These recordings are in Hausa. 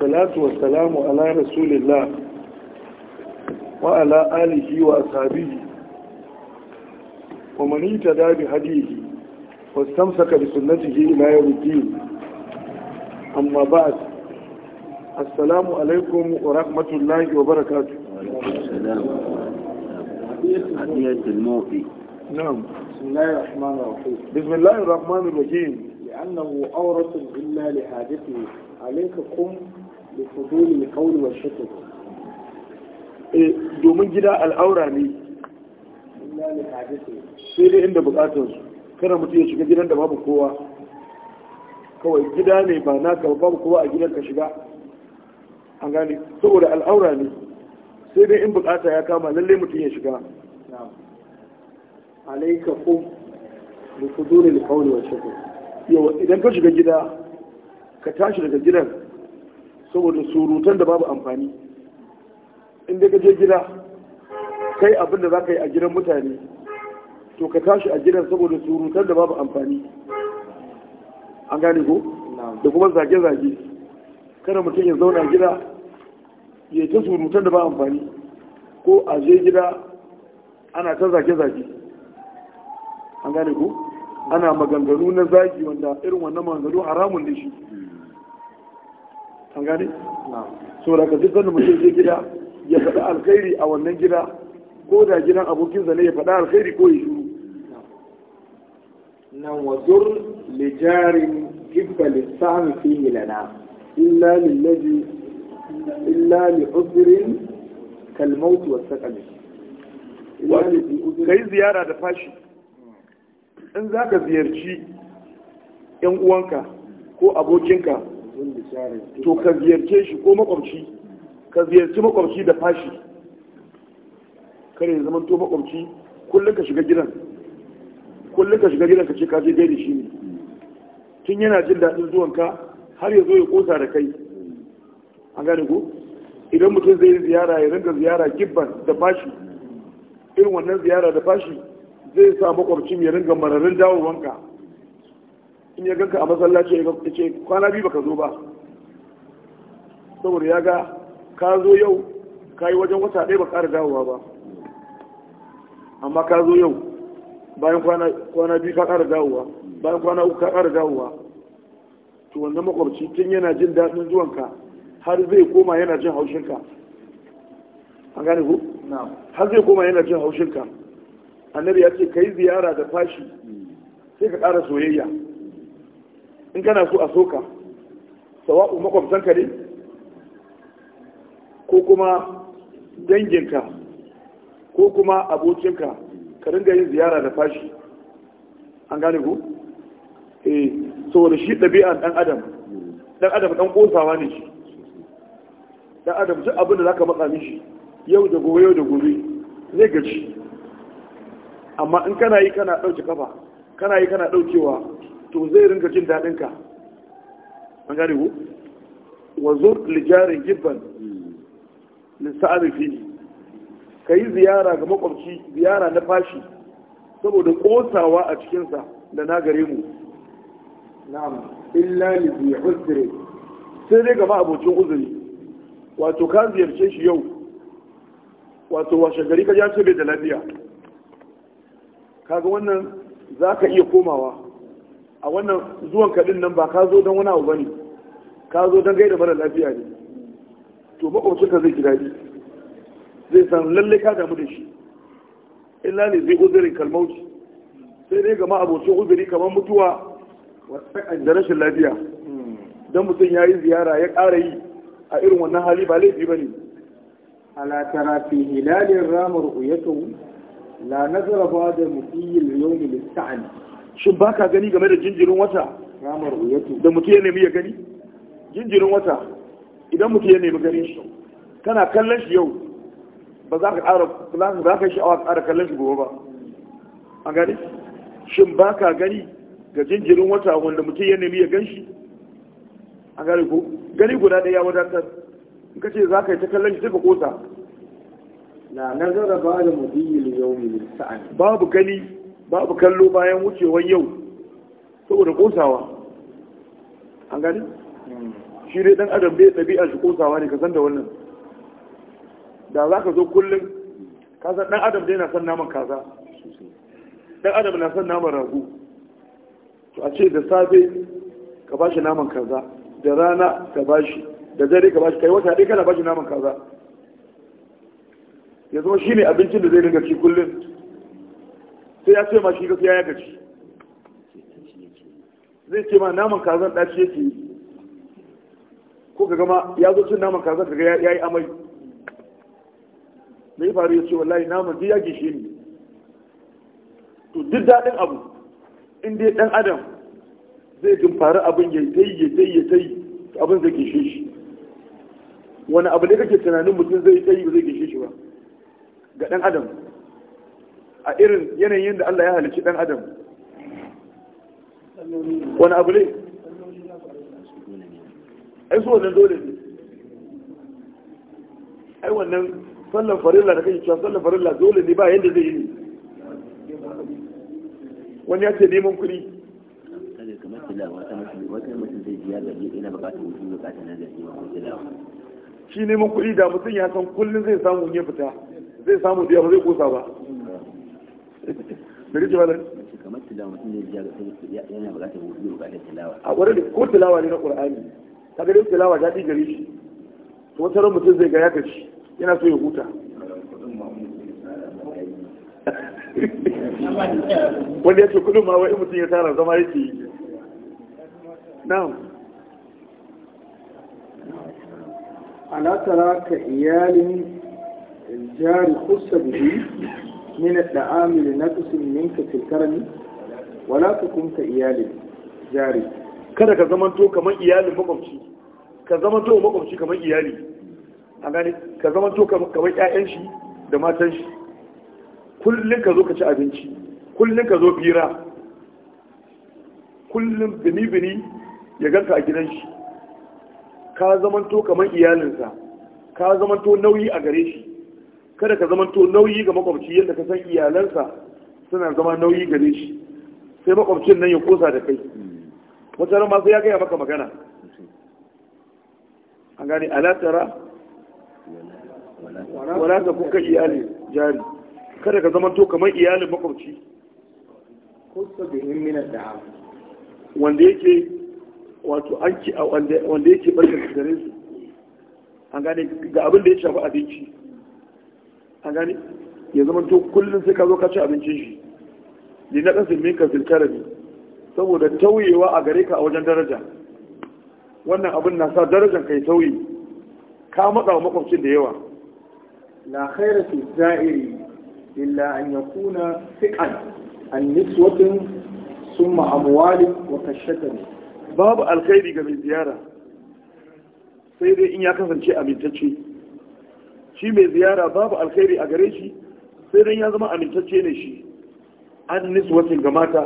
والصلاة والسلام على رسول الله وعلى آله وأصحابه ومن يتدى بهديه واستمسك بسنته إلى يوم الدين أما بعد السلام عليكم ورحمة الله وبركاته السلام حديث الموحي نعم بسم الله الرحمن الرحيم بسم الله الرحمن الرحيم لأنه أورث إلا لحادثه عليكم قم da fuduli kauli wa shakka domin gida al'aura ne sai dai inda su. Kana mutum ya shiga gidan da babu kowa kawai gida ne ba na naka babu kowa a gidan ka shiga an gane saboda al'aura ne sai dai in bukata ya kama lalle mutum ya shiga alaika ko da fudulil kauli wa shakka yau idan ka shiga gida ka tashi daga gidan saboda surutan da babu amfani in daga ka je gida kai abin da za ka yi a gidan mutane to ka tashi a gidan saboda surutan da babu amfani an gane ko da kuma zage-zage kada mutum ya zauna gida ya ta surutan da ba amfani ko a je gida ana ta zage-zage an gane ko ana maganganu na zagi wanda irin wannan maganganu haramun da shi hmm. an gane so daga duk wanda mutum zai gida ya faɗi alkhairi a wannan gida ko da gidan abokin zane ya faɗi alkhairi ko ya shuru nan wazur lijarin gibba lissami fihi lana illa lillaji illa li uzrin kalmauti wasu kalmi ka yi ziyara da fashi in za ka ziyarci 'yan uwanka ko abokinka to ka ziyarce shi ko makwabci ka ziyarci makwabci da fashi kare ya zamanto makwabci kullum ka shiga gidan kullum ka shiga gidan ka ce ka je gaida shi ne tun yana jin daɗin zuwanka har ya zo ya kosa da kai an gane ku idan mutum zai yi ziyara ya ringa ziyara gibban da fashi irin wannan ziyara da fashi zai sa makwabcin ya ringa mararin dawowanka in ya ganka a masallaci ya ce kwana biyu baka zo ba saboda ya ga ka zo yau ka yi wajen wata ɗaya ba ƙara dawowa ba amma ka zo yau bayan kwana biyu ka ƙara dawowa bayan kwana uku ka ƙara dawowa to wannan makwabci tun yana jin daɗin zuwanka har zai koma yana jin haushinka an gane ku? har zai koma yana jin haushinka annabi ya ce ka yi ziyara da fashi sai ka ƙara soyayya in kana so a soka sawa'u makwabtanka ne ko kuma danginka ko kuma abokinka ka ringa yin ziyara da fashi an gane ku? eh saboda shi ɗabi'an ɗan adam ɗan adam ɗan ƙosawa ne shi ɗan adam duk abin da za ka matsa mishi yau da gobe yau da gobe zai gaci amma in kana yi kana ɗauke kafa kana yi kana ɗaukewa to zai rinka jin daɗin ka an gane ku wa zur lijarin gibban hmm. lissa'arifi ka yi ziyara ga makwabci ziyara na fashi saboda kosawa a cikinsa da na gare mu na'am illa li bi uzri sai dai gama abocin uzuri wato ka ziyarce shi yau wato washe gari ka ja ce bai da lafiya kaga wannan za ka iya komawa a wannan zuwan kaɗin nan ba ka zo don wani abu ba ne ka zo don gaida mara lafiya ne to ka zai kira zai san lalle ka damu da shi illa ne zai uzurin kalmauci sai dai gama abocin uzuri kamar mutuwa da rashin lafiya don mutum ya yi ziyara ya ƙara yi a irin wannan hali ba laifi ba ne ala fi hilalin ramar uyatun la nazara ba da mutiyil yawmi lista'ani shin ba ka gani game da jinjirin wata da mutum ya nemi ya gani jinjirin wata idan mutum ya nemi ganin shi kana kallon shi yau ba za ka ƙara za ka sha'awa ƙara kallon shi gobe ba an gani shin ba ka gani ga jinjirin wata wanda mutum ya nemi ya gan shi an gani ko gani guda ɗaya wadatar in ka ce za ka yi ta kallon shi sai ka kosa na nazara ba da mutum yi yau sa'ani babu gani babu kallo bayan wucewar yau saboda kosawa an gani shi dai dan adam bai ɗabi'a shi kosawa ne ka san da wannan da za ka zo kullum ka san dan adam dai na san naman kaza dan adam na san naman ragu. to a ce da safe ka ba shi naman kaza da rana ka ba shi da dare ka ba shi kai wata ɗaya kana ba shi naman kaza ya zama shi ne abincin da zai dinga ci kullum sai ya ce ma shi gaskiya ya gaci zai ce ma naman kazan ɗaci yake yi ko ka gama ya zo cin naman kazan daga ya yi amai me ya faru ya ce wallahi naman zai ya gishe ni to duk daɗin abu in dai ɗan adam zai faru abin ya ta yi ya ta yi ya ta yi abin zai gishe shi wani abu ne kake tunanin mutum zai ta yi ba zai gishe shi ba ga ɗan adam a irin yanayin da Allah ya halicci dan adam wani abu ne ai so wannan dole ne ai wannan sallan farilla da kake cewa sallan farilla dole ne ba yadda zai yi wani ya ce neman kuɗi kamar wata mutum zai biya ina shi neman kuɗi da mutum ya san kullum zai samu ya fita zai samu da yawa zai kosa ba daga ce malam kamar tilawa mutum ne ya yana bukatar wuri tilawa a wurin da ko tilawa ne na qur'ani ka ga tilawa ya ɗi gare shi to wata ran mutum zai ga ya gaci yana so ya huta wanda ya ce kudin ma wai mutum ya tara zama yake yi na'am ala tara ka iyalin jari kusa من الدعام لنقص منك في الكرم ولا تكن كإيال جاري kada ka zamanto kamar iyalin makwabci ka zamanto makwabci kamar iyali a ka zamanto kamar ƴaƴan shi da matan shi kullum ka zo ka ci abinci kullum ka zo fira kullum bini-bini ya ganka a gidan shi ka zamanto kamar iyalinsa ka zamanto nauyi a gare shi kada ka zama to nauyi ga makwabci yadda ka san iyalansa suna zama nauyi gare shi sai makwabcin nan ya kosa da kai wata ran ma sai ya gaya maka magana an gani alatara wala ta kuka iyali jari kada ka zama to kamar iyalin makwabci wanda yake wato an ki wanda yake barka da gare su an gane ga abin da ya shafi abinci ya zama to kullum sai ka zo ka ci abincin shi li na kasin min fil karami saboda tauyewa a gare ka a wajen daraja wannan abin na sa darajar kai tauye ka matsa wa makwabcin da yawa la khaira fi za'iri illa an yakuna fiqan an niswatin summa amwali wa kashatan babu alkhairi ga mai ziyara sai dai in ya kasance amintacce shi mai ziyara babu alkhairi a gare shi sai dan ya zama amintacce ne shi an niswatin ga mata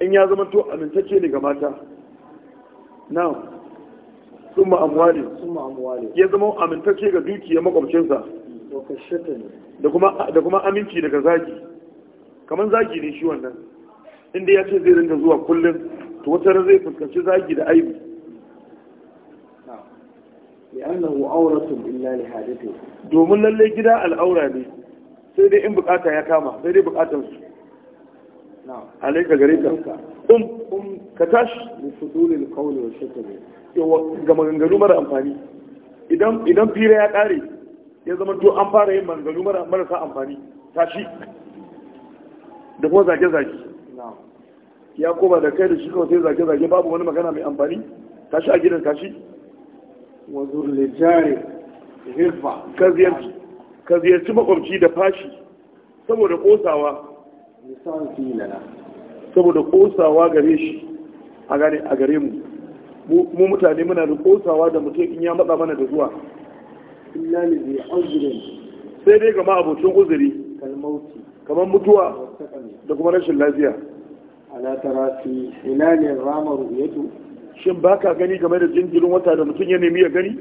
in ya zama to amintacce ne ga mata now summa amwali summa amwali ya zama amintacce ga dukiyar makwabcinsa da kuma da kuma aminci daga zaki kaman zaki ne shi wannan inda ya ce zai rinka zuwa kullum to wata zai fuskanci zaki da aibi domin gida al'aura ne sai dai in ya kama sai dai ka ka tashi ga maganganu mara amfani idan fira ya ya zama to an fara yin maganganu marasa amfani tashi da kuma zage zage ya koma da kai da shi kawai sai zage zage babu wani magana mai amfani a gidan tashi wa zurlijari hirfa ka ziyarci makwabci da fashi saboda kosawa saboda kosawa gare shi a gare mu mu mutane muna da kosawa da mutum in ya matsa mana da zuwa sai dai gama abocin uzuri kamar mutuwa da kuma rashin lafiya ala tarasi ne ramar yadu shin ba ka gani game da jinjirin wata da mutum ya nemi ya gani?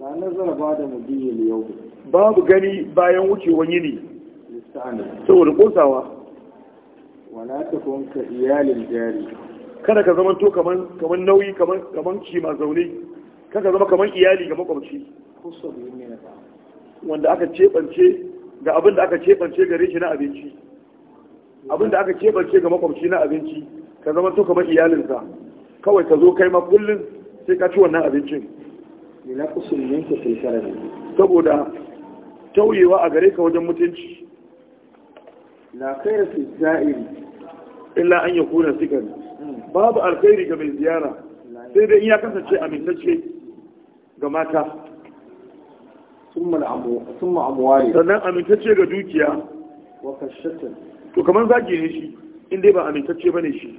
na nazara ba da yau babu gani bayan wani yini saboda kosawa wala ta kunka iyalin jari kada ka zama to kamar nauyi ci kima zaune kada zama kamar iyali ga makwabci wanda aka cebance ga abin da aka cebance gare shi na abinci abin da aka cebance ga makwabci na abinci ka zama to kamar iyalinsa kawai ka zo kai ma kullum sai ka ci wannan abincin saboda tauyewa a gare ka wajen mutunci la kaira fi za'iri illa an yakuna sikari babu alkhairi ga mai ziyara sai dai in ya kasance amintacce ga mata summa amwari sannan amintacce ga dukiya wa kashatin to kamar zagi ne shi in dai ba amintacce bane shi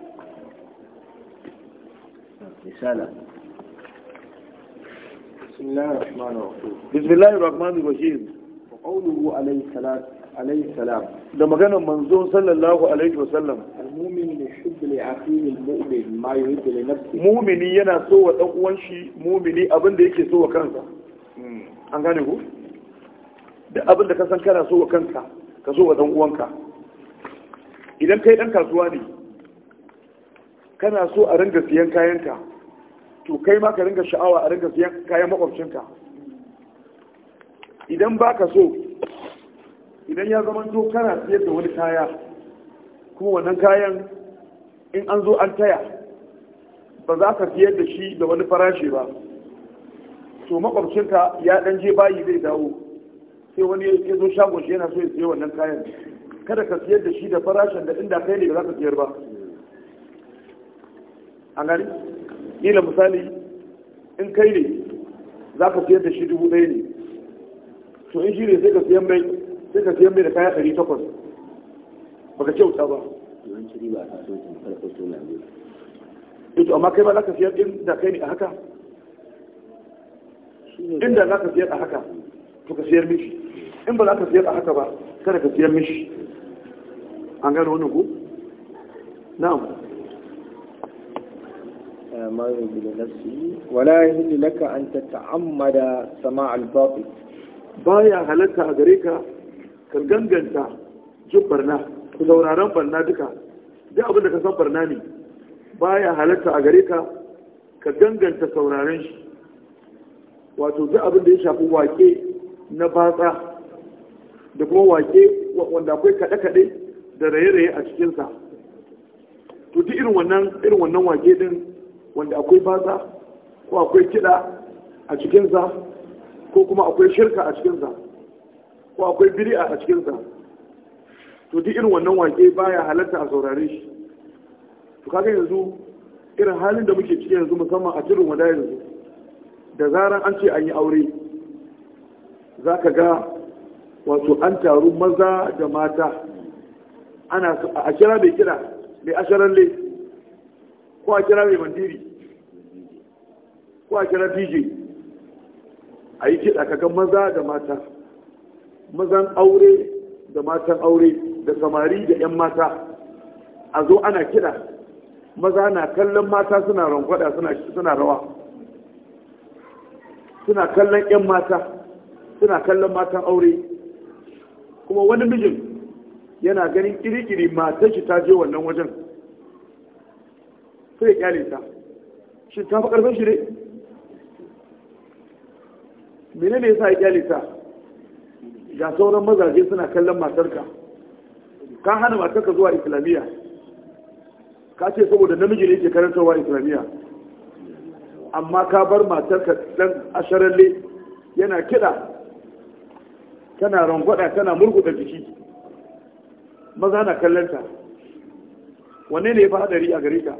risala bismillahir rahmanir rahim qawluhu alayhi salat alayhi salam da maganar manzo sallallahu alaihi wasallam al-mu'min yuhibbu li akhihi al-mu'min ma yuhibbu li nafsihi mu'mini yana so wa dan uwan shi mu'mini abin da yake so wa kansa hmm. an gane ku da abin da ka san kana so wa kanka ka so wa dan uwanka idan kai dan kasuwa ne kana so a ringa siyan kayanka to kai ma ka ringa sha'awa a ringa siyan kayan makwabcinka idan ba ka so idan ya zama to kana siyar da wani kaya kuma wannan kayan in an zo an taya ba za ka siyar da shi da wani farashi ba to makwabcinka ya dan je bayi zai dawo sai wani ya zo shagon shi yana so ya siya wannan kayan kada ka siyar da shi da farashin da inda kai ne ba za ka siyar ba a gani kila misali in kai ne za ka siyar da shi dubu ɗaya ne to in shi ne sai ka siyan mai sai ka siyan mai da kaya ɗari takwas ka kyauta ba ito eh, amma kai ba za ka siyar da kai ne a haka in da za ka siyar a haka to ka siyar mishi in ba za ka siyar a haka ba kada ka siyar mishi an gano wani ku na'am ما يريد لنفسه ولا يهل لك أن تتعمد سماع الباطل بايا هلتا أدريكا كالجنجنتا جبرنا كزوراران برنا دكا دي أبدا كسان برناني بايا هلتا أدريكا كالجنجنتا سوراران شي wato duk abin da ya shafi wake na batsa da kuma wake wanda akwai kaɗe-kaɗe da raye-raye a cikinsa to duk irin wannan wake din wanda akwai baza ko akwai kiɗa a cikinsa ko kuma akwai shirka a cikinsa ko akwai bid'a a cikinsa to duk irin wannan wake baya halatta a saurare shi to kaga yanzu irin halin da muke ciki yanzu musamman a cikin wadaya yanzu da zaran an ce an yi aure za ka ga wato an taru maza da mata ana a kira mai kira mai lai ko a kira mai mandiri ko a kira dj a yi kiɗa kaga maza da mata mazan aure da matan aure da samari da 'yan mata a zo ana kiɗa maza na kallon mata suna rangwada suna rawa suna kallon 'yan mata suna kallon matan aure kuma wani mijin yana ganin kiri-kiri mata shi ta je wannan wajen sai ya kyale ta shi ta fi karfin shi ne mene ne yasa ya kyale ta ga sauran mazaje suna kallon matarka ka hana matarka zuwa islamiyya ka ce saboda namiji ne ke karantarwa islamiyya amma ka bar matarka dan asharalle yana kiɗa tana rangwada tana da jiki maza na kallonta wanne ne ya fi hadari a gare ka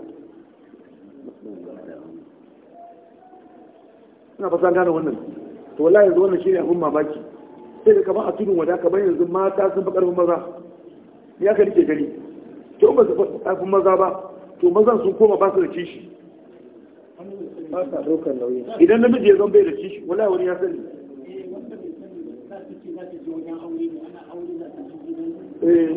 suna fasa gane wannan to wallahi yanzu wannan shine abun mamaki sai da kamar a tudun wada kamar yanzu mata sun fi karfin maza ya ka rike gari to ba su karfin maza ba to mazan sun koma ba su da kishi idan namiji ya zan bai da kishi wallahi wani ya sani eh, eh.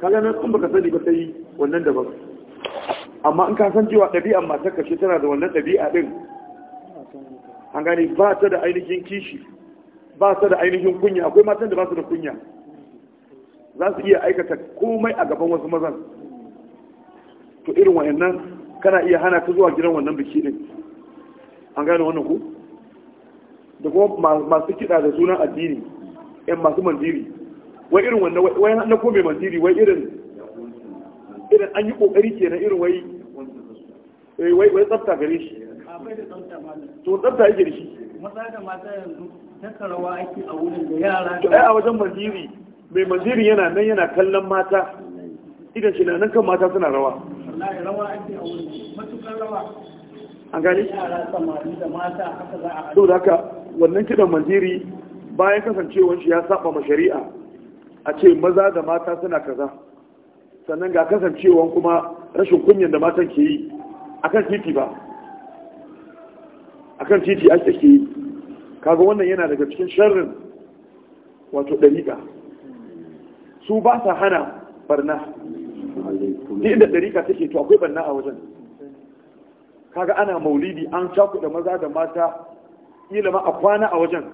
kaga eh, nan in baka sani ba sai wannan ba amma in ka san cewa ɗabi'an matar kashe tana da wannan ɗabi'a ɗin an gani ba ta da ainihin kishi ba ta da ainihin kunya akwai matan da ba su da kunya za su iya aikata komai a gaban wasu mazan to irin wa'annan kana iya hana ta zuwa gidan wannan biki ɗin an gani wannan ku da kuma masu kiɗa da sunan addini yan masu mandiri wai irin wannan wai na komai mandiri wai irin irin an yi kokari kenan irin wai eh wai wai tsafta gare shi akwai da tsafta malam to tsafta yake da shi maza da mata yanzu taka rawa ake a wurin da yara ai a wajen manziri mai manziri yana nan yana kallon mata idan shi nan kan mata suna rawa wallahi rawa ake a wurin matukar rawa an gani yara samari da mata haka za a to da haka wannan kidan manziri bayan kasancewar shi ya saba ma shari'a a ce maza da mata suna kaza sannan ga kasancewa kuma rashin kunyan da matan ke yi akan titi ba akan titi ake ke kaga wannan yana daga cikin sharrin wato ɗariƙa su ba sa hana barna ni inda ɗariƙa take to akwai barna a wajen kaga ana maulidi an cakuɗa maza da mata ƙila a kwana a wajen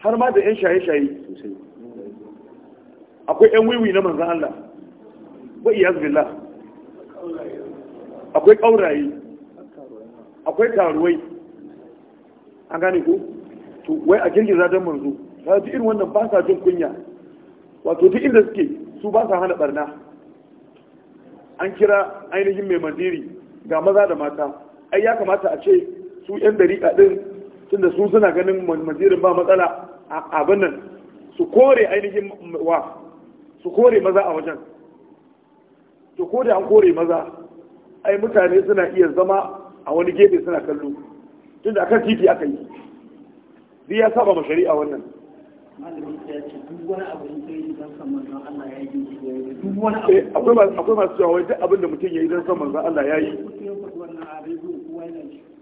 har ma da 'yan shaye-shaye akwai 'yan wiwi na manzan Allah wa iya zubin akwai ƙauraye akwai taruwai an gane ku? to wai a girgiza don manzo ta ji irin wannan ba sa jin kunya wato duk inda suke su ba sa hana barna an kira ainihin mai mandiri ga maza da mata ai ya kamata a ce su yan dariƙa ɗin tun da su suna ganin mandirin ba matsala a abin nan su kore ainihin wa su kore maza a wajen to ko da an kore maza ai mutane suna iya zama a wani gefe suna kallo tun da akan titi aka yi zai ya saba ma shari'a wannan akwai masu cewa wai duk abin da mutum ya yi don son manzo Allah ya yi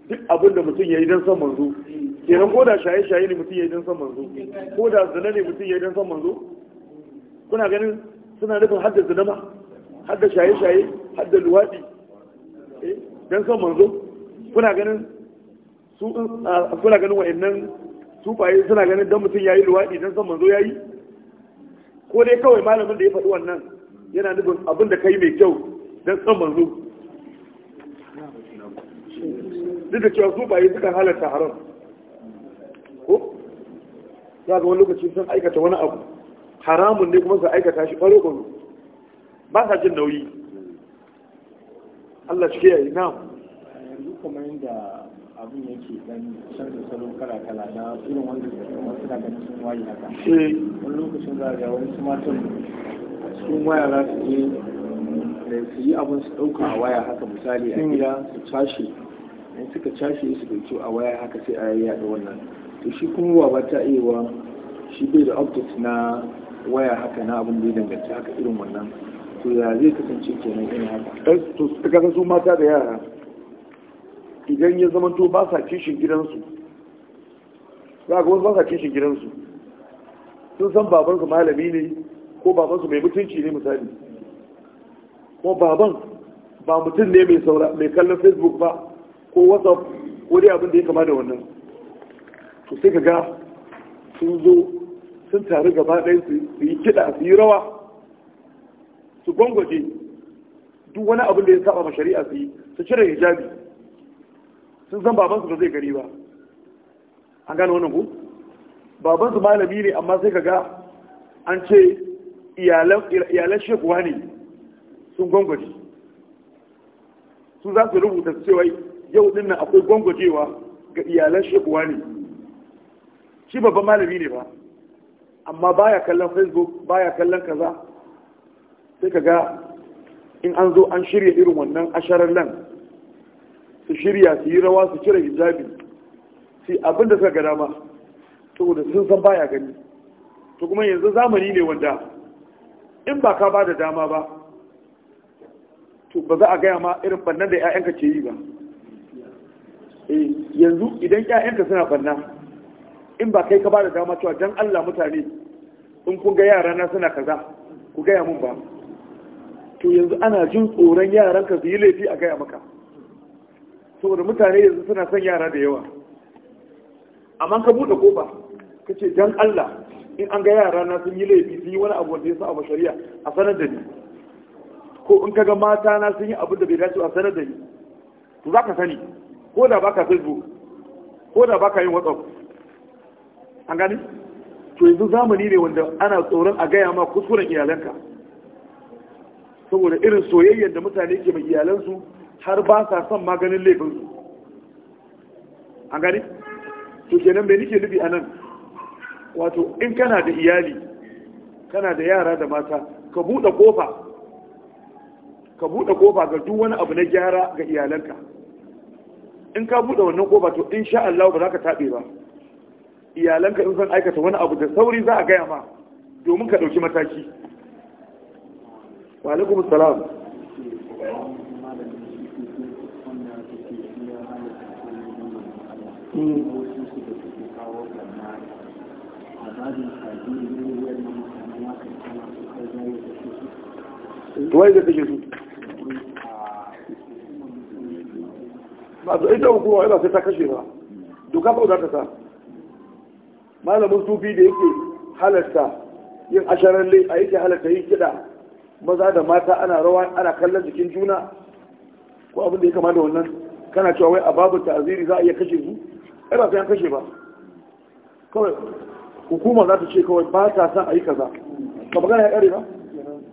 duk abin da mutum ya yi don son manzo eh. kenan ko da shaye-shaye ne mutum ya yi don son manzo ko da zina ne mutum ya yi don son manzo kuna ganin suna nufin hadda zina ma hadda shaye-shaye hadda luwaɗi don son manzo kuna ganin su kuna ganin suna ganin don mutum ya yi luwaɗi don son manzo ya yi ko dai kawai malamin da ya faɗi wannan yana nufin abin da ka yi mai kyau don son manzo duk da cewa sufaye suka halarta haram ko za ga wani lokaci sun aikata wani abu haramun ne kuma su aikata shi ɓaro-ɓaro ba sa jin nauyi Allah shi yi na yanzu kamar yadda abin yake dan canza salo kala kala na irin wanda da ganin sun wayi haka eh. wani lokacin za ga wani matan sun waya za su je eh, su yi abin su ɗauka a waya haka misali a hmm. gida su cashe in suka cashe su ɗauki a waya haka sai a yi yaɗa wannan to shi kuma wa ba ta iya shi bai da optics na waya haka na abin da ya danganci haka irin wannan to ya zai kasance kenan ina haka to su kaga su mata da yara idan ya zama to ba sa kishin gidansu za ga wasu ba sa kishin gidansu sun san babansu malami ne ko babansu mai mutunci ne misali ko baban ba mutum ne mai saura mai kallon facebook ba ko whatsapp ko dai abin da ya kama da wannan to sai ka ga sun zo sun taru gaba ɗaya su yi kiɗa su yi rawa su gwangwaje duk wani abin da ya saba ma shari'a su yi su cire hijabi sun san babansu ba zai gari ba an gane wannan ku babansu malami ne amma sai kaga an ce iyalan shekuwa ne sun gwangwaje su za su rubuta cewa yau din nan akwai gwangwajewa ga iyalan shekuwa ne shi babban malami ne ba amma baya kallon facebook baya kallon kaza sai ka ga in an zo an shirya irin wannan asharar nan su shirya su yi rawa su cire hijabi su abin da suka ga dama saboda sun san baya gani to kuma yanzu zamani ne wanda in ba ka ba da dama ba to ba za a gaya ma irin bannan da 'ya'yanka ce yi ba eh, yanzu idan 'ya'yanka suna banna in ba kai ka ba da dama cewa don allah mutane in kun ga yara na suna kaza ku gaya mun ba to yanzu ana jin tsoron yaran ka su yi laifi a gaya maka da mutane yanzu suna son yara da yawa amma ka buɗe kofa ka ce don Allah in an ga yara na sun yi laifi sun yi wani abu wanda ya sa abu shari'a a sanar da ni ko in ka ga mata na sun yi abu da bai dace a sanar da ni to za ka sani ko da baka facebook ko da baka yin whatsapp an gani to yanzu zamani ne wanda ana tsoron a gaya ma kuskuren iyalanka saboda irin soyayyar da mutane ke mai iyalansu har ba sa son maganin laifinsu an gani to kenan bai nike nufi a nan wato in kana da iyali kana da yara da mata ka buɗe ƙofa ka buɗe kofa ga duk wani abu na gyara ga iyalanka in ka buɗe wannan kofa to in sha Allah ba za ka taɓe ba iyalanka in san aikata wani abu da sauri za a gaya ma domin ka ɗauki mataki wa alaikum salam ta kashe ba doka malamin sufi da yake halarta a yake halarta yin kiɗa maza da mata ana rawa ana kallon jikin juna ko abin da ya kama da wannan kana cewa wai a babu ta'aziri za a iya kashe su ai ba sai an kashe ba kawai hukuma za ta ce kawai ba ta san a yi kaza ba magana ya kare ba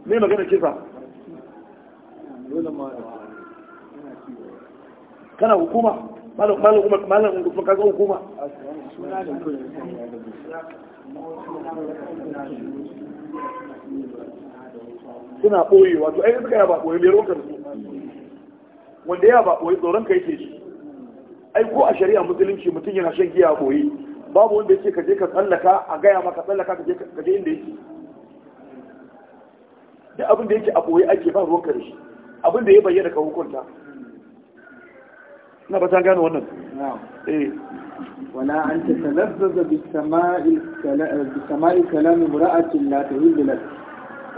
me magana ce sa kana hukuma malam malam malam kuma hukuma suna ɓoye wato ai suka yaba ɓoye mai rokar su wanda ya ba ɓoye tsoron ka yake shi ai ko a shari'a musulunci mutum yana shan giya ɓoye babu wanda yake kaje ka tsallaka a gaya maka tsallaka ka je inda yake da abin da yake a ɓoye ake ba ruwan da shi abin da ya bayyana ka hukunta na ba ta gano wannan eh ولا أن تتلذذ بسماع كلام امرأة لا تهل لك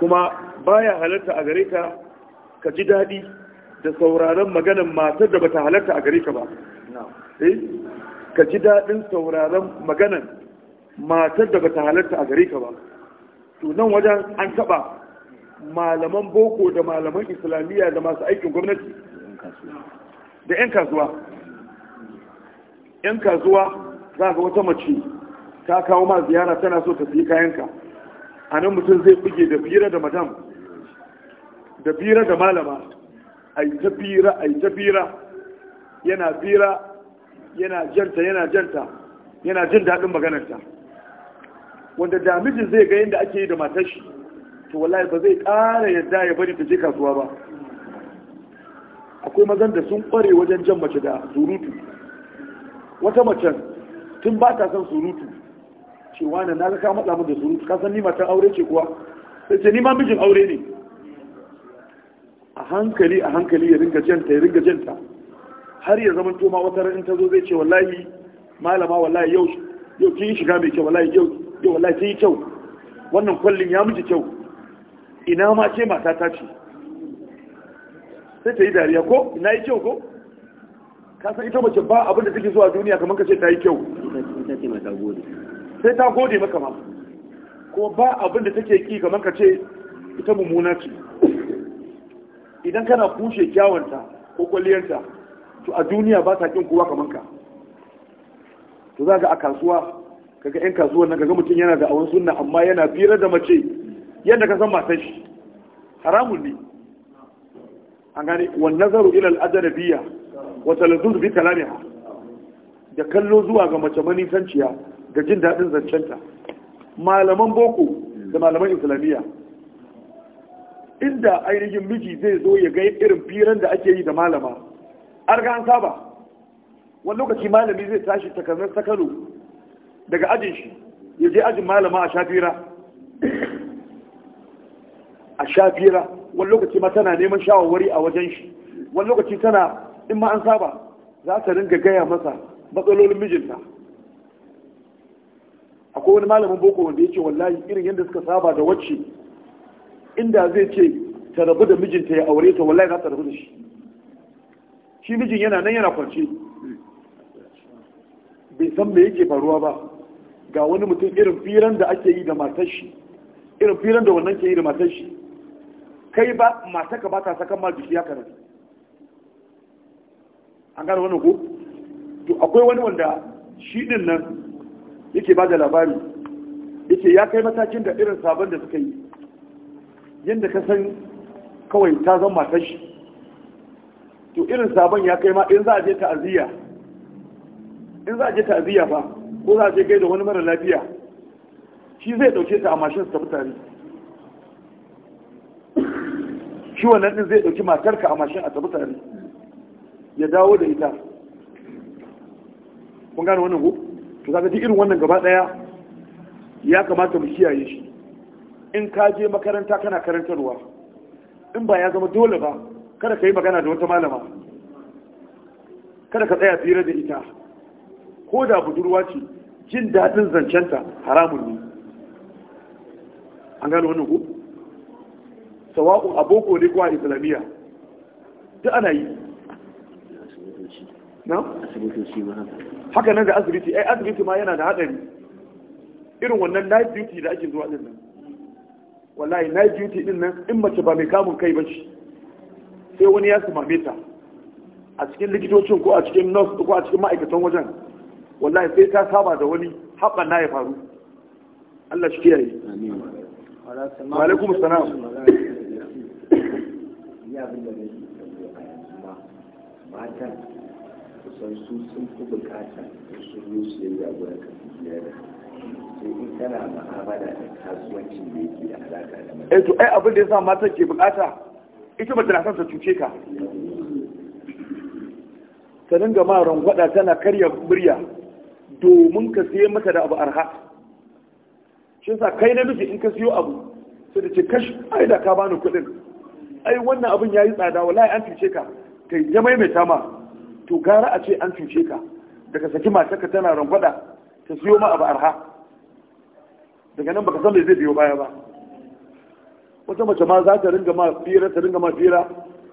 كما baya halarta a gare ka ka ji daɗi da sauraron maganan matar da bata halarta a gare ka ba eh? ka ji daɗin sauraron maganan matar da bata halarta a gare ka ba to wajen an taɓa malaman boko da malaman islamiyya da masu aikin gwamnati da 'yan kasuwa 'yan kasuwa za ga wata mace ta kawo ma ziyara tana so ta fi kayanka a nan mutum zai buge da fira da madam da bira da malama ai ta bira ai ta bira yana bira yana janta yana janta yana jin daɗin maganarta wanda da mijin zai ga yadda ake yi da matar shi to wallahi ba zai ƙara yadda ya bari ta je kasuwa ba akwai mazan da sun kware wajen jan mace da surutu wata macen tun ba ta son surutu cewa na na ga ka matsa min da surutu ka san ni matan aure ce kuwa sai ce ni ma mijin aure ne a hankali a hankali ya ringa janta ya ringa janta har ya zama toma wata ran ta zo zai ce wallahi malama wallahi yau yau kin shiga mai kyau wallahi yau yau wallahi kin kyau wannan kwallin ya miji kyau ina ma ce mata ta ce sai ta yi dariya ko ina yi kyau ko ka san ita mace ba abin da take zuwa duniya kamar ka ce ta yi kyau sai ta gode maka ma kuma ba abin da take ki kamar ka ce ita mummuna ce idan kana kushe kyawanta ko kwalliyarta to a duniya ba ta kin kowa kamar ka to za ga a kasuwa kaga yan kasuwa nan kaga mutum yana da awon sunna amma yana firar da mace yadda ka san matan shi haramun ne an gane wa nazaru ila al-ajnabiyya wa talazzuz bi kalamiha da kallo zuwa ga mace manisanciya da jin dadin zancenta malaman boko da malaman islamiyya inda ainihin miji zai zo ya ga irin firan da ake yi da malama an ga an saba wani lokaci malami zai tashi takarnar sakalo daga ajin shi ya je ajin malama a shafira a shafira wani lokaci ma tana neman shawarwari a wajen shi wani lokaci tana in ma an saba za ta ringa gaya masa matsalolin mijinta akwai wani malamin boko wanda ya ce wallahi irin yadda suka saba da wacce inda zai ce ta rabu da mijinta ya aure ta wallahi za ta rabu da shi shi mijin yana nan yana kwance bai san me yake faruwa ba ga wani mutum irin firan da ake yi da matar shi irin firan da wannan ke yi da matar shi kai ba ka ba ta sakan ma jiki ya karatu an gane wani ko to akwai wani wanda shi din nan yake ba da labari yake ya kai matakin da irin sabon da suka yi yadda ka san kawai ta zan tashi, shi to irin sabon ya kai ma in za a je aziya in za a je aziya fa ko za a je da wani mara lafiya shi zai dauke ta a mashin su tafi tare shi wannan din zai dauki matarka a mashin a tafi tare ya dawo da ita kun gane wannan ku? to zaka ji irin wannan gaba daya ya kamata mu kiyaye shi in ka je makaranta kana karantarwa in ba ya zama dole ba kada ka yi magana da wata malama kada ka tsaya tsira da ita ko da budurwa ce jin daɗin zancenta haramun ne an gano wannan ku sawa'un aboko ne ko a islamiyya ta ana yi na? haka nan da asibiti ai asibiti ma yana da haɗari irin wannan life duty da ake zuwa ɗin nan wallahi na duty din nan in mace ba mai kamun kai ba ce sai wani ya sumame ta a cikin likitocin ko a cikin nurse ko a cikin ma'aikatan wajen wallahi sai ta saba da wani haɓa na ya faru Allah shi kiyaye wa alaikum salam matan kusan su sun fi bukata su yi su yi a gudanar da sai in kana da kasuwancin da yake da alaka da mata eh to ai abin da yasa matan ke bukata ita mace na son ta cuce ka ta dinga ma rangwada tana karya murya domin ka siye mata da abu arha shi yasa kai miji in ka siyo abu sai da ce kashi ai da ka bani kuɗin ai wannan abin yayi tsada wallahi an cuce ka kai ta maimaita ma to gara a ce an cuce ka daga saki matarka tana rangwada ta siyo ma abu arha daga nan baka san me zai biyo baya ba wata mace ma za ta ringa ma fira ta ringa ma fira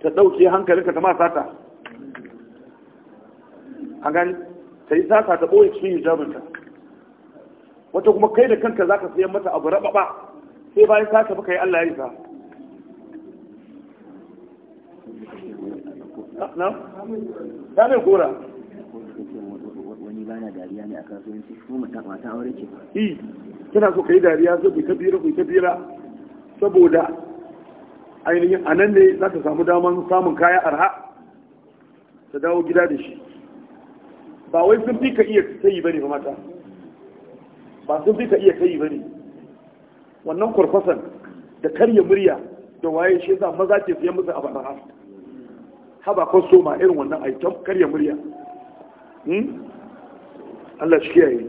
ta dauke hankalinka ta ma sata a gani ta yi sata ta boye cikin hijabinta wata kuma kai da kanka za ka sayan mata abu ba, sai bayan sata baka yi Allah ya isa ah, na? ta gora wani bana dariya ne a kasuwanci kuma mata aure ce ba tana so ka yi dariya zai ku bira ku bira saboda ainihin a nan ne za ta samu daman samun kaya arha ta dawo gida da shi ba wai sun fi ka iya sayi bane ba mata ba sun fi ka iya sayi bane wannan kurfasan da karya murya da waye shi za maza ke siyan musu abu arha haba ko soma irin wannan aikin karya murya hmm? Allah shi kiyaye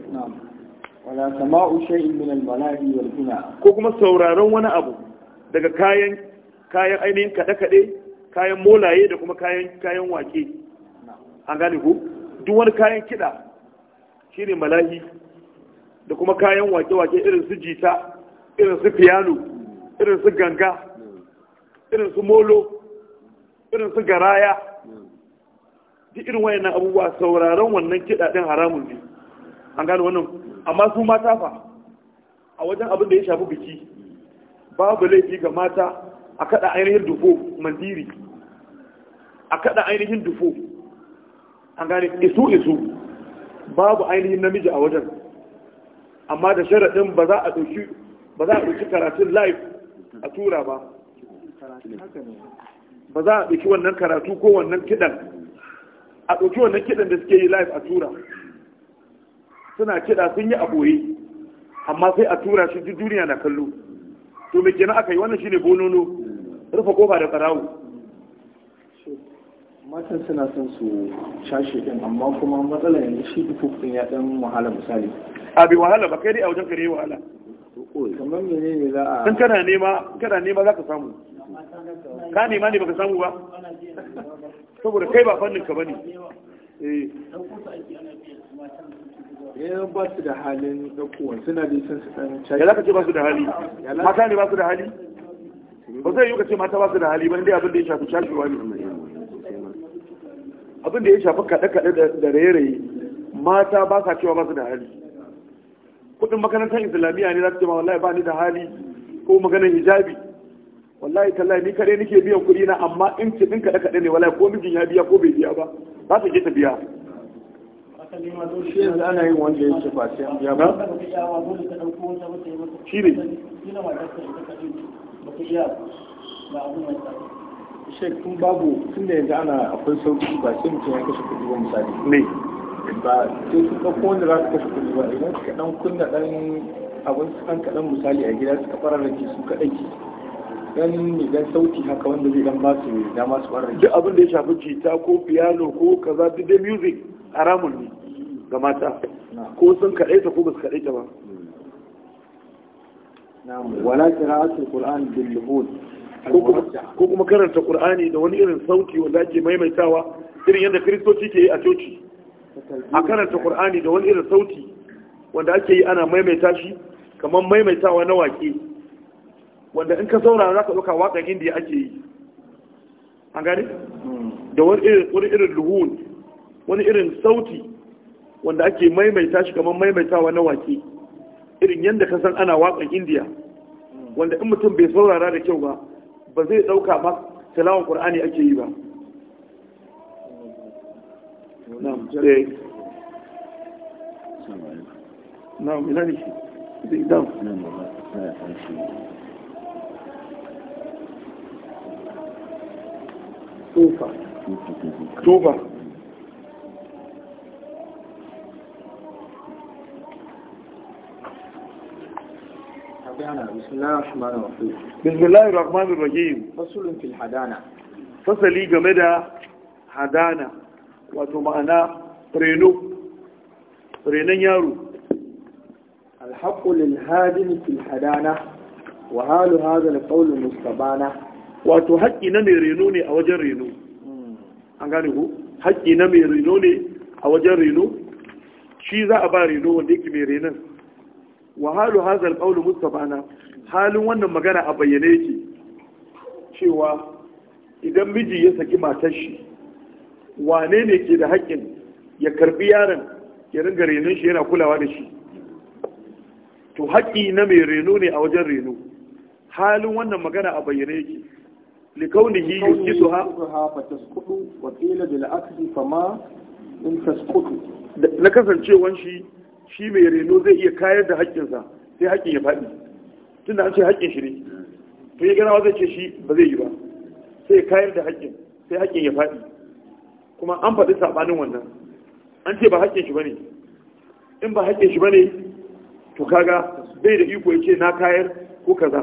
wala sama'u shay'in min al malaai wal ghina ko kuma sauraron wani abu daga kayan kayan ainihin kaɗe-kaɗe kayan molaye da kuma kayan kayan wake an gane ku duk wani kayan kiɗa shine malahi da kuma kayan wake-wake irin su jita irin su piano irin su ganga irin su molo irin su garaya duk irin wayannan abubuwa sauraron wannan kiɗa ɗin haramun ne an gane wannan amma su mata fa a wajen abin da ya shafi biki babu laifi ga mata a kada ainihin dufo mandiri a kada ainihin dufo an gane isu isu babu ainihin namiji a wajen amma da sharaɗin ba za a ɗauki ba za a ɗauki karatun live a tura ba ba za a ɗauki wannan karatu ko wannan kiɗan a ɗauki wannan kiɗan da suke yi live a tura suna kiɗa sun yi a ɓoye amma sai a tura shi duk duniya na kallo to me kenan aka yi wannan shine bonono rufe kofa da tsarawo matan suna son su shashe din amma kuma matsala yanzu shi duk din ya dan wahala misali a bi wahala ba kai dai a wajen kare wahala kamar za a kana nema kana nema ka samu ka nema ne baka samu ba saboda kai ba fannin ka bane eh eh ba su da halin suna da su ɗan ya za ka ce ba su da hali mata ne ba su da hali ba zai yi ka ce mata ba su da hali ba abin da ya shafi ne abin da ya shafi kaɗe-kaɗe da raye-raye mata ba sa cewa ba su da hali kudin makarantar islamiyya ne za su ce ma wallahi ba ni da hali ko maganar hijabi wallahi tallahi ni kare nake biyan kuɗi na amma in ce din kaɗe-kaɗe ne wallahi ko mijin ya biya ko bai biya ba za su je ta biya shi yanzu ana yin wanda ya ce ba sai an ba shi ne shek tun babu tun da yanzu ana akwai sauki ba sai mutum ya kashe kuɗi ba misali ne ba sai su ɗauko wanda za su kashe kuɗi ba idan suka ɗan kunna ɗan abin su ɗan kaɗan misali a gida suka fara rage su kaɗai dan idan sauti haka wanda zai dan ba su dama su fara duk abin da ya shafi jita ko piano ko kaza duk dai music haramun ne ga mata ko sun kaɗaita ko ba su kaɗaita ba wala kira'atul qur'an ƙul'an luhud ko kuma karanta ƙul'ani da wani irin sauti wanda ake maimaitawa irin yadda kristoci ke yi a coci a karanta ƙul'ani da wani irin sauti wanda ake yi ana maimaita shi kamar maimaitawa na wake wanda in ka saura za ka ɗauka waƙa indiya ake yi an gani? Hmm. da wani irin luhun wani irin sauti wanda ake maimaita shi kamar maimaitawa na wake. irin yadda kasan ana waƙan indiya wanda in mutum bai saurara da kyau ba ba zai ɗauka ba talawan ƙur'ani ake yi ba eh. bismillahir rahmanir rahim fil hadana fasali game da hadana wato ma'ana reno renon yaro الحق للهادن في الحدانة وهال هذا القول wato haƙƙi na mai reno ne a wajen reno an gane ku haƙƙi na mai reno ne a wajen reno shi za a ba reno wanda yake mai renon Wahalu halu hadha alqawl mustafana halin wannan magana a bayyane yake cewa idan miji ya saki matar shi wane ne ke da haƙƙin ya karbi yaron ya ringa renon shi yana kulawa da shi to haƙƙi na mai reno ne a wajen reno halin wannan magana a bayyane yake likaunihi yusqituha fa tasqutu wa qila bil aksi fama in tasqutu na kasancewan shi shi mai reno zai iya kayar da haƙƙinsa sai haƙƙin ya faɗi tunda an ce haƙƙin shi ne to ya gana zai ce shi ba zai yi ba sai kayar da haƙƙin sai haƙƙin ya faɗi kuma an faɗi saɓanin wannan an ce ba haƙƙin shi ba ne in ba haƙƙin shi ba ne to kaga bai da iko ya ce na kayar ko kaza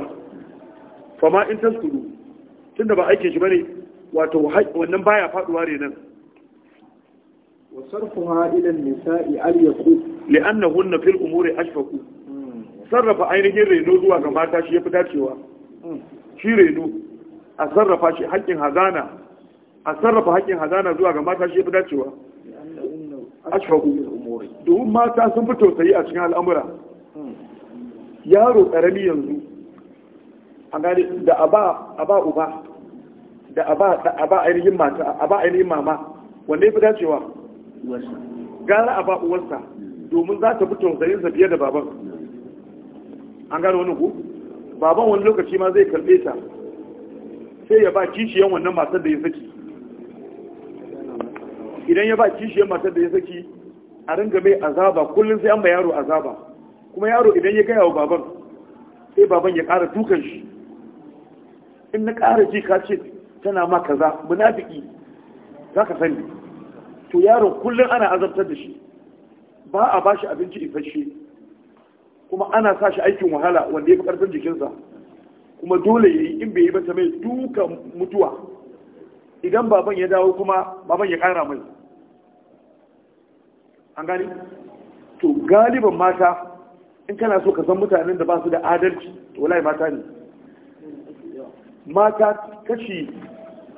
fama in tun tunda ba haƙƙin shi ba ne wato wannan baya faɗuwa ne nan وصرفها إلى النساء أليقوا لأنهن في الأمور أشفقوا sarrafa ainihin reno zuwa ga mata shi ya fi dacewa shi a sarrafa shi haƙƙin hazana a sarrafa haƙƙin hazana zuwa ga mata shi ya fi dacewa ashfaku domin mata sun fi tausayi a cikin al'amura yaro ƙarami yanzu a da aba ba da aba ainihin mata aba ainihin mama wanda ya fi dacewa gara a ba uwarsa domin za ta fi tausayin sa fiye da baban an gara wani ku baban wani lokaci ma zai karbe ta sai ya ba kishiyan wannan matar da ya saki idan ya ba kishiyan matar da ya saki a ringa mai azaba kullum sai an ba yaro azaba kuma yaro idan ya gaya wa baban sai baban ya ƙara dukan shi in na ƙara ji ka ce tana ma kaza munafiki za ka sani to yaron kullum ana azabtar da shi ba a ba shi abinci isasshe kuma ana sa shi aikin wahala wanda ya fi ƙarfin jikinsa kuma dole ya yi in bai yi ba ta mai duka mutuwa idan baban ya dawo kuma baban ya ƙara mai an gani to galiban mata in kana so ka san mutanen da ba su da adalci to wallahi mata ne mata kashi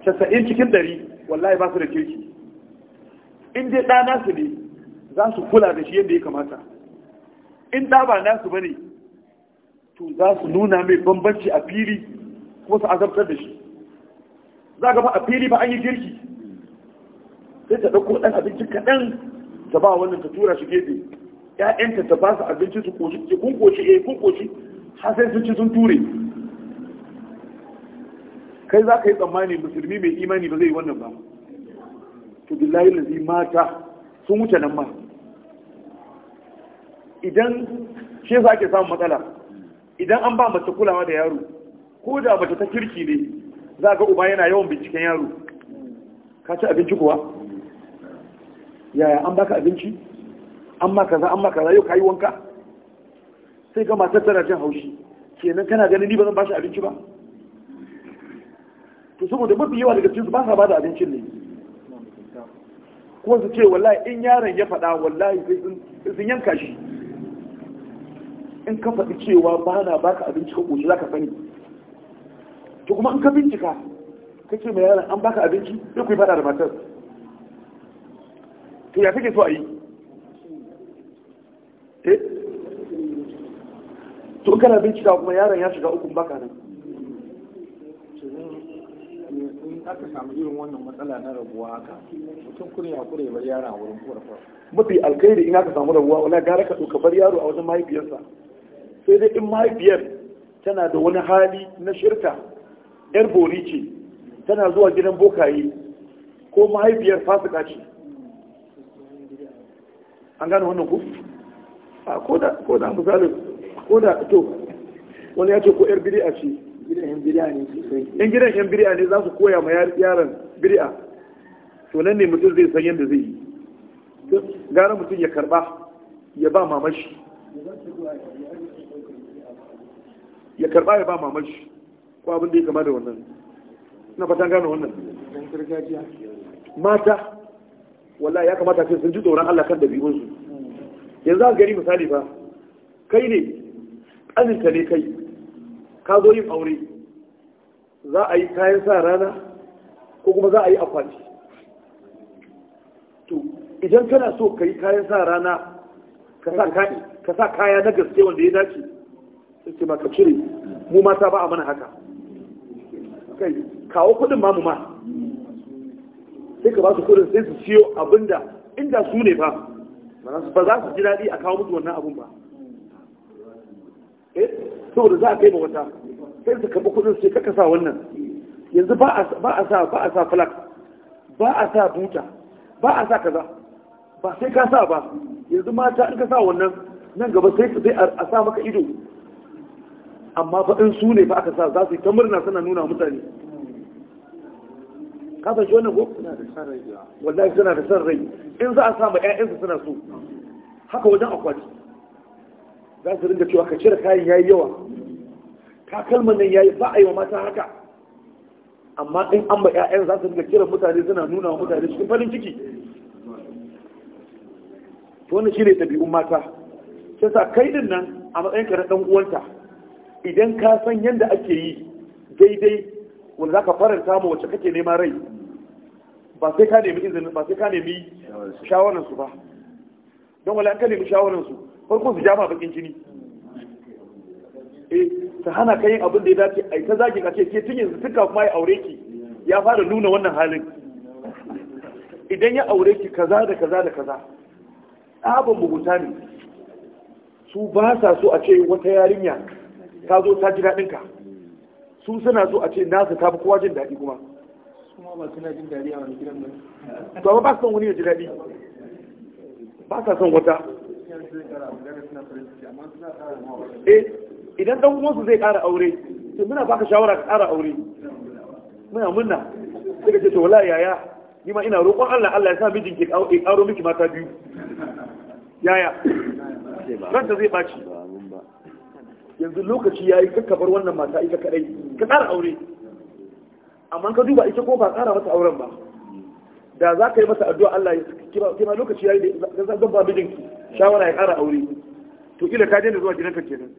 90 cikin 100 wallahi ba su da kirki in dai ɗa nasu ne za su kula da shi yadda ya kamata in ɗa ba nasu ba ne to za su nuna mai bambanci a fili kuma su azabtar da shi za ga ba a fili ba an yi girki sai ta ɗauko ɗan abinci kaɗan ta ba wannan ta tura shi gefe ‘ya'yanta ta ba su abinci su koshi ke kun eh kun har sai sun ci sun ture kai za ka yi tsammani musulmi mai imani ba zai yi wannan ba to billahi lazi mata sun wuce nan ma idan shi yasa ake samun matsala idan an ba mace kulawa da yaro ko da mace ta kirki ne za ga uba yana yawan binciken yaro ka ci abinci kuwa yaya an baka abinci an ma kaza an ma kaza yau kayi wanka sai ga matar tana jin haushi kenan kana ganin ni ba zan bashi abinci ba to saboda mafi yawa daga cikin su ba sa bada abincin ne kuma su ce wallahi in yaron ya faɗa wallahi sun yanka shi in ka faɗi cewa ba na baka abinci ka ƙoshi za ka sani to kuma in ka bincika ka ce mai yaron an baka abinci sai ku yi faɗa da matar to ya kake so a yi eh? to in kana bincika kuma yaron ya shiga ukun baka nan aka samu irin wannan matsala na rabuwa haka mutum kure ya kure bar yaro a wurin kurfa mafi alkhairi in aka samu rabuwa wala gara ka ka bar yaro a wajen mahaifiyarsa sai dai in mahaifiyar tana da wani hali na shirka yar bori ce tana zuwa gidan bokaye ko mahaifiyar fasika ce an gane wannan ku ko da ko da misali ko da to wani ya ce ko yar bid'a ce in gidan yan biri'a ne za su koya ma yaran biri'a to nan ne mutum zai san yadda zai yi gara mutum ya karba ya ba mamashi ya karba ya ba mamashi ko abin da ya kama da wannan na fatan gane wannan mata walla ya kamata ce sun ji tsoron Allah kan dabi'unsu yanzu a gari misali ba kai ne ƙaninka ne kai ka zo yin aure za a yi kayan sa rana ko kuma za a yi akwati to idan kana so ka yi kayan sa rana ka sa kaya na gaske wanda ya dace sai ma ka cire mu mata ba a mana haka kai kawo kudin mamu ma sai ka ba su kudin sai su siyo abinda inda su ne ba ba za su ji daɗi a kawo musu wannan abun ba eh? saboda za a kai ma wata sai su karɓi kuɗin sai kaka sa wannan yanzu ba a sa ba a sa flak ba a sa buta ba a sa kaza ba sai ka sa ba yanzu mata in ka sa wannan nan gaba sai su a sa maka ido amma fa in su ne ba aka sa za su yi ta murna suna nuna mutane ka san shi wannan ko wallahi suna da san rai in za a sa ma 'ya'yansu suna so haka wajen akwati za su ringa cewa ka cire kayan yayi yawa takalman nan yayi ba a yi wa mata haka amma in an ba 'ya'yan za su ringa kiran mutane suna nuna wa mutane cikin farin ciki to wannan shine ɗabi'un mata sai sa kai din nan a matsayin ka na dan uwanta idan ka san yadda ake yi daidai wanda zaka faranta ma wacce kake neman rai ba sai ka nemi izinin ba sai ka nemi shawaran su ba don wala an kalle mu shawaran su farko su jama bakin jini eh ta hana ka yin abin da ya dace ai ta zagi ka ce ke tun yanzu tuka kuma ya aure ki ya fara nuna wannan halin idan ya aure ki kaza da kaza da kaza abin mugunta ne su ba sa so a ce wata yarinya ta zo ta ji daɗin ka su suna so a ce nasu ta fi kowa jin daɗi kuma Kuma ba suna jin daɗi a wani gidan ba to ba su son wani ya ji daɗi ba sa son wata eh idan dan uwansu zai ƙara aure to muna baka shawara ka ƙara aure muna munna sai ka ce to wallahi yaya ni ma ina roƙon Allah Allah ya sa mijin ki aro miki mata biyu yaya ta zai baci yanzu lokaci yayi ka bar wannan mata ita kadai ka ƙara aure amma ka duba ita ko ba ƙara mata auren ba da za ka yi masa addu'a Allah ya kima lokaci yayi da zan ba mijinki shawara ya kara aure to kila ka daina zuwa gidanka kenan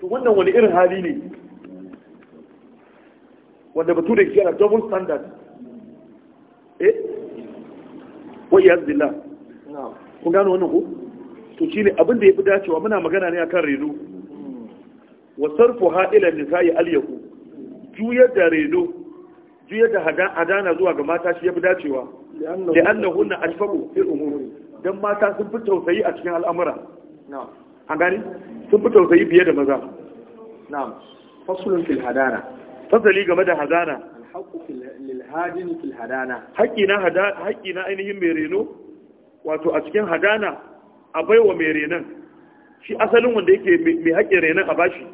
to wannan wani irin hali ne wanda batu da kiyar double standard eh wai ya zilla Ku gano wannan ko to shine abin da yafi dacewa muna magana ne akan reno wa sarfu ha'ila nisa'i alyahu juyar da reno juyar da hadana zuwa ga mata shi yafi dacewa li'annahunna ashfaqu fil umur dan mata sun fi tausayi a cikin al'amura na'am gani sun fi tausayi fiye da maza na'am faslun fil fasali game da hadana haƙƙi na haƙƙi na ainihin mai reno wato a cikin hadana a baiwa mai renon shi asalin wanda yake mai haƙƙin renon a bashi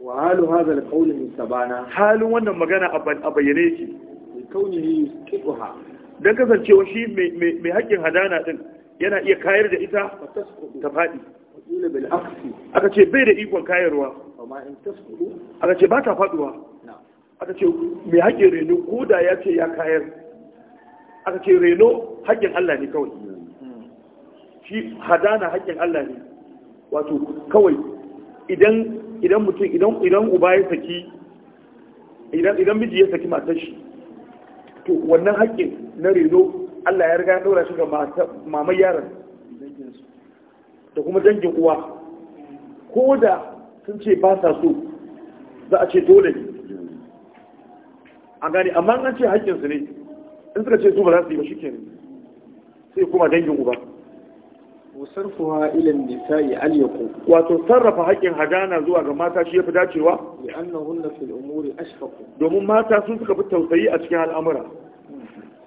wa halu hadha alqawl min sabana halin wannan magana a bayyane yake kaunihi kiduha don kasancewa shi mai haƙƙin hadana ɗin yana iya kayar da ita ta faɗi aka ce bai da ikon kayarwa aka ce ba ta faɗuwa aka ce mai haƙƙin reno ko da ya ce ya kayar aka ce reno haƙƙin Allah ne kawai shi hadana haƙƙin Allah ne wato kawai idan mutum idan idan uba ya saki idan miji ya saki matashi to wannan haƙƙin na rezo Allah ya riga ya ɗora shi ga mamai yaron da kuma dangin uwa ko da sun ce ba sa so za a ce dole ne a gani amma an ce haƙƙinsu ne in suka ce su ba za su yi ba shi ke sai kuma dangin uba wasarfuha ila yi alyaqu wato sarrafa haƙƙin hajana zuwa ga mata shi ya fi dacewa Annan annahunna fil umuri ashfaqu domin mata sun suka fi tausayi a cikin al'amura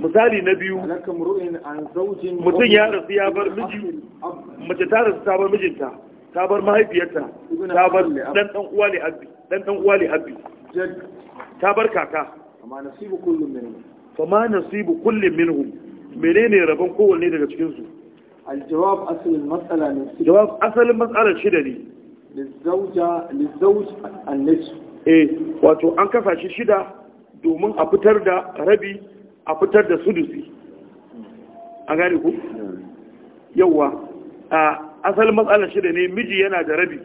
misali na biyu mutum ya rasu ya bar miji mace ta rasu ta bar mijinta ta bar mahaifiyarta ta bar dan dan uwa ne abbi ta bar kaka nasibu kullum fama nasibu kullum minhum menene rabon kowanne daga cikin su asalin matsala shida ne lizauja eh, wato an kasashe shida domin a fitar da rabi a fitar da sudusi a gani ku yauwa a asalin matsalar shida ne miji yana da rabi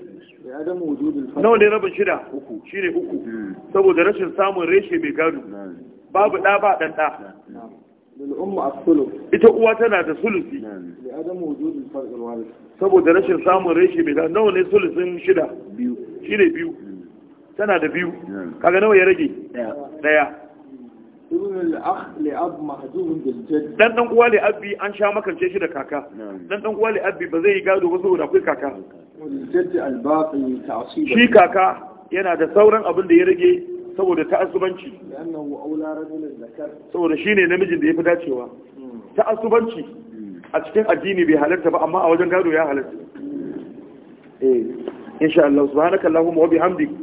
nawa ne rabin shida shi ne uku hmm. saboda rashin samun reshe mai gado hmm. babu ɗa ba ɗan ɗa ita uwa tana da sulusi saboda rashin samun reshe mai gado nawa ne sulusin shida shi ne biyu hmm. tana da biyu kaga nawa ya rage ɗaya dan dan uwa li'abbi an sha makance shi da kaka dan dan uwa li'abbi ba zai yi gado ba saboda akwai kaka shi kaka yana da sauran abin da ya rage saboda ta'assubanci saboda shi ne namijin da ya fi dacewa ta'assubanci a cikin addini bai halarta ba amma a wajen gado ya halarta eh insha Allah subhanaka Allahumma wa bihamdika